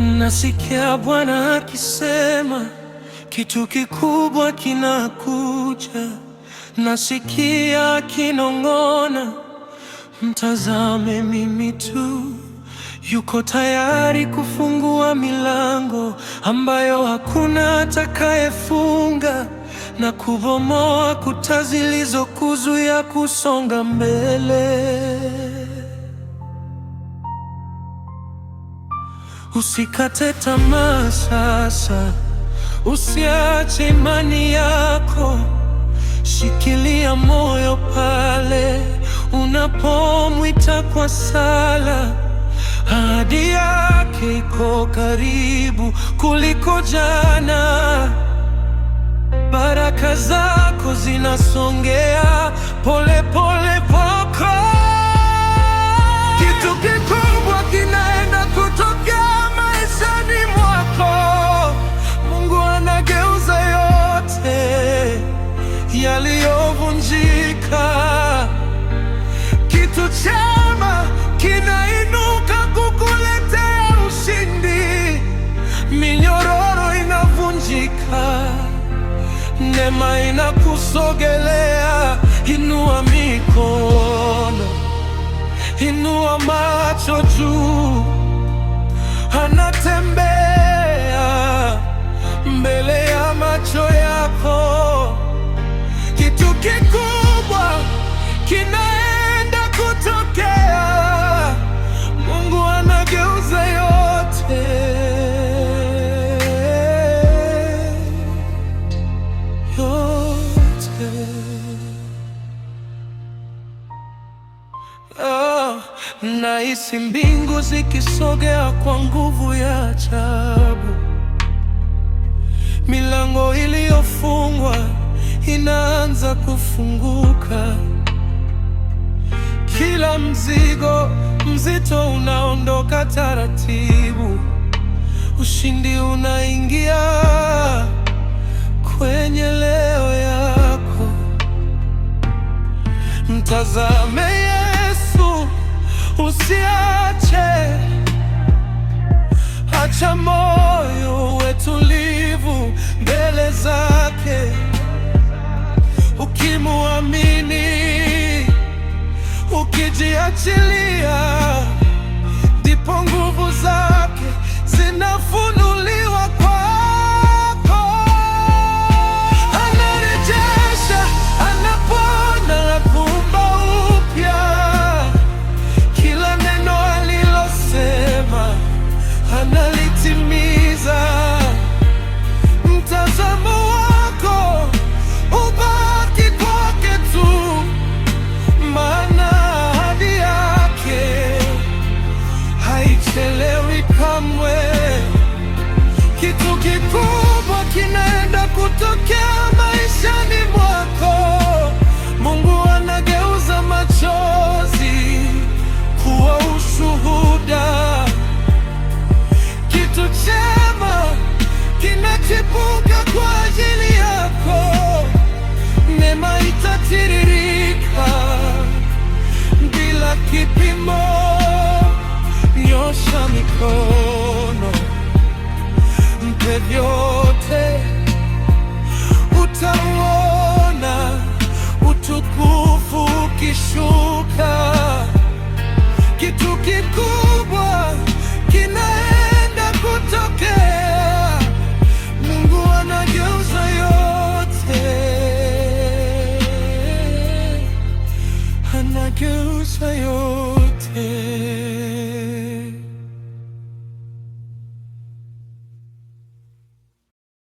Nasikia Bwana akisema kitu kikubwa kinakuja. Nasikia akinong'ona, mtazame mimi tu. Yuko tayari kufungua milango ambayo hakuna atakayefunga na kubomoa kuta zilizokuzuia kusonga mbele. Usikate tamaa sasa, usiache imani yako, shikilia moyo pale unapomwita kwa sala. Ahadi yake iko karibu kuliko jana, baraka zako zinasongea Neema inakusogelea, inua mikono, inua macho juu, anatembea mbele ya macho yako, kitu kikubwa kina nahisi mbingu zikisogea kwa nguvu ya ajabu. Milango iliyofungwa inaanza kufunguka, kila mzigo mzito unaondoka taratibu, ushindi unaingia kwenye leo yako. Mtazame usiache, acha moyo wetulivu mbele zake, ukimwamini ukijiachilia, ndipo nguvu zake yanayotokea maishani mwako. Mungu anageuza machozi kuwa ushuhuda. Kitu chema kinachipuka kwa ajili yako, neema itatiririka bila kipimo. Nyosha mikono mpevyo que usa yo te